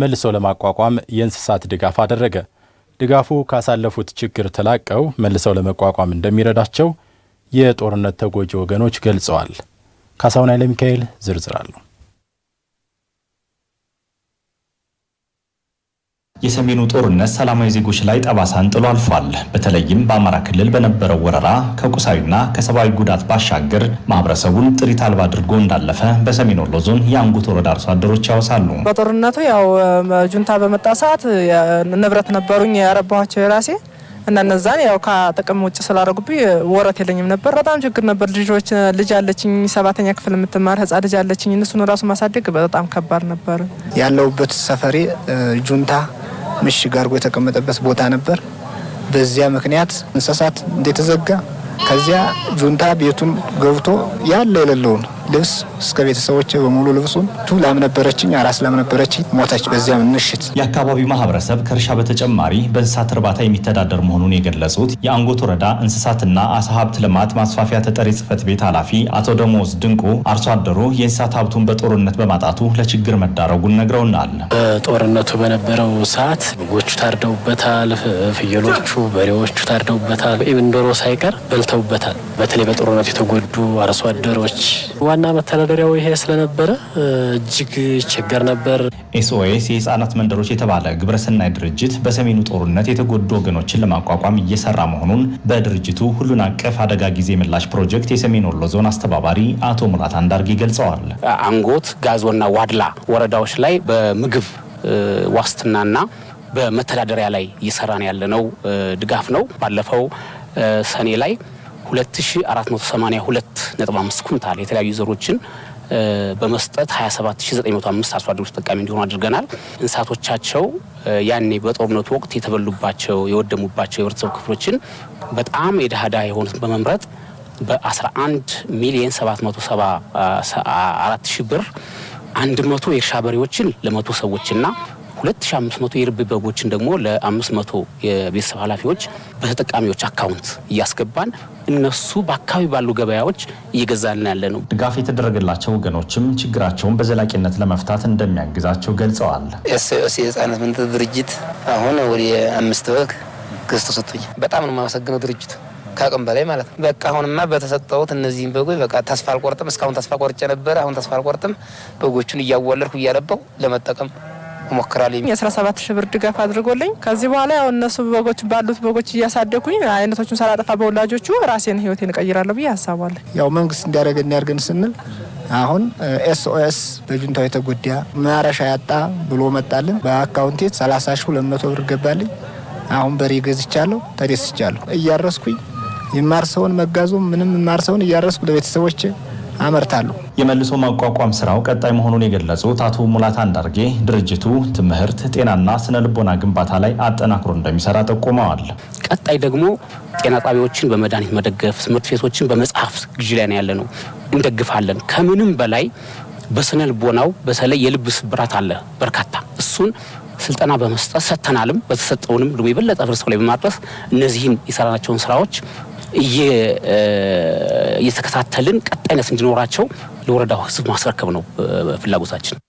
መልሶ ለማቋቋም የእንስሳት ድጋፍ አደረገ። ድጋፉ ካሳለፉት ችግር ተላቀው መልሰው ለመቋቋም እንደሚረዳቸው የጦርነት ተጎጂ ወገኖች ገልጸዋል። ካሳሁን ኃይለ ሚካኤል ዝርዝር አለው። የሰሜኑ ጦርነት ሰላማዊ ዜጎች ላይ ጠባሳን ጥሎ አልፏል። በተለይም በአማራ ክልል በነበረው ወረራ ከቁሳዊና ከሰብአዊ ጉዳት ባሻገር ማህበረሰቡን ጥሪት አልባ አድርጎ እንዳለፈ በሰሜን ወሎ ዞን የአንጉት ወረዳ አርሶ አደሮች ያወሳሉ። በጦርነቱ ያው ጁንታ በመጣ ሰዓት ንብረት ነበሩኝ ያረባኋቸው የራሴ እና እነዛን ያው ከጥቅም ውጭ ስላደረጉብኝ ወረት የለኝም ነበር። በጣም ችግር ነበር። ልጆች ልጅ አለችኝ ሰባተኛ ክፍል የምትማር ህጻን ልጅ አለችኝ። እነሱን ራሱ ማሳደግ በጣም ከባድ ነበር። ያለውበት ሰፈሬ ጁንታ ምሽግ አድርጎ የተቀመጠበት ቦታ ነበር። በዚያ ምክንያት እንስሳት እንደተዘጋ ከዚያ ጁንታ ቤቱን ገብቶ ያለ የሌለውን ልብስ እስከ ቤተሰቦች በሙሉ ልብሱን ቱ ላምነበረችኝ አራስ ላምነበረችኝ ሞተች። በዚያ ምንሽት። የአካባቢው ማህበረሰብ ከእርሻ በተጨማሪ በእንስሳት እርባታ የሚተዳደር መሆኑን የገለጹት የአንጎት ወረዳ እንስሳትና አሳ ሀብት ልማት ማስፋፊያ ተጠሪ ጽህፈት ቤት ኃላፊ አቶ ደሞዝ ድንቁ አርሶ አደሩ የእንስሳት ሀብቱን በጦርነት በማጣቱ ለችግር መዳረጉን ነግረውናል። በጦርነቱ በነበረው ሰዓት በጎቹ ታርደውበታል፣ ፍየሎቹ፣ በሬዎቹ ታርደውበታል፣ ኢብንዶሮ ሳይቀር በልተውበታል። በተለይ በጦርነቱ የተጎዱ አርሶ አደሮች ዋና መተዳደሪያው ይሄ ስለነበረ እጅግ ይቸገር ነበር። ኤስኦኤስ የህፃናት መንደሮች የተባለ ግብረሰናይ ድርጅት በሰሜኑ ጦርነት የተጎዱ ወገኖችን ለማቋቋም እየሰራ መሆኑን በድርጅቱ ሁሉን አቀፍ አደጋ ጊዜ ምላሽ ፕሮጀክት የሰሜን ወሎ ዞን አስተባባሪ አቶ ሙላት አንዳርጌ ገልጸዋል። አንጎት፣ ጋዞና ዋድላ ወረዳዎች ላይ በምግብ ዋስትናና በመተዳደሪያ ላይ እየሰራን ያለነው ድጋፍ ነው። ባለፈው ሰኔ ላይ 2482.5 ኩንታል የተለያዩ ዘሮችን በመስጠት 27905 አርሶ አደሮች ተጠቃሚ እንዲሆኑ አድርገናል። እንስሳቶቻቸው ያኔ በጦርነቱ ወቅት የተበሉባቸው የወደሙባቸው የህብረተሰብ ክፍሎችን በጣም የድሃ የሆኑት በመምረጥ በ11 ሚሊዮን 774 ሺህ ብር 100 የእርሻ በሬዎችን ለመቶ ሰዎችና 2500 የርብ በጎችን ደግሞ ለ500 የቤተሰብ ኃላፊዎች በተጠቃሚዎች አካውንት እያስገባን እነሱ በአካባቢ ባሉ ገበያዎች እየገዛልን ያለ ነው። ድጋፍ የተደረገላቸው ወገኖችም ችግራቸውን በዘላቂነት ለመፍታት እንደሚያግዛቸው ገልጸዋል። ኤስኦኤስ የህፃናት ምንት ድርጅት አሁን ወደ አምስት በግ ገዝቶ ሰጥቶኛል። በጣም ነው የማመሰግነው ድርጅቱ ከአቅም በላይ ማለት ነው። በቃ አሁንማ በተሰጠውት እነዚህም በጎች በቃ ተስፋ አልቆርጥም። እስካሁን ተስፋ ቆርጬ ነበረ። አሁን ተስፋ አልቆርጥም። በጎቹን እያዋለድኩ እያለባው ለመጠቀም ሞክራል። የ17 ሺህ ብር ድጋፍ አድርጎልኝ ከዚህ በኋላ ያው እነሱ በጎች ባሉት በጎች እያሳደኩኝ አይነቶቹን ሳላጠፋ በወላጆቹ ራሴን ህይወት እቀይራለሁ ብዬ አሳባለሁ። ያው መንግስት እንዲያደርገን ያድርገን ስንል አሁን ኤስኦኤስ በጁንታው የተጎዳ ማረሻ ያጣ ብሎ መጣልን። በአካውንቴ 30 ሺህ 200 ብር ገባልኝ። አሁን በሬ ገዝቻለሁ፣ ተደስቻለሁ። እያረስኩኝ የማርሰውን መጋዙ ምንም የማርሰውን እያረስኩ ለቤተሰቦቼ አመርታሉ። የመልሶ ማቋቋም ስራው ቀጣይ መሆኑን የገለጹት አቶ ሙላታ አንዳርጌ ድርጅቱ ትምህርት፣ ጤናና ስነ ልቦና ግንባታ ላይ አጠናክሮ እንደሚሰራ ጠቁመዋል። ቀጣይ ደግሞ ጤና ጣቢያዎችን በመድኃኒት መደገፍ፣ ትምህርት ቤቶችን በመጽሐፍ ግዢ ላይ ነው ያለ ነው እንደግፋለን። ከምንም በላይ በስነ ልቦናው በተለይ የልብ ስብራት አለ በርካታ እሱን ስልጠና በመስጠት ሰጥተናልም በተሰጠውንም ደግሞ የበለጠ ህብረተሰቡ ላይ በማድረስ እነዚህን የሰራናቸውን ስራዎች እየተከታተልን ቀጣይነት እንዲኖራቸው ለወረዳው ሕዝብ ማስረከብ ነው ፍላጎታችን።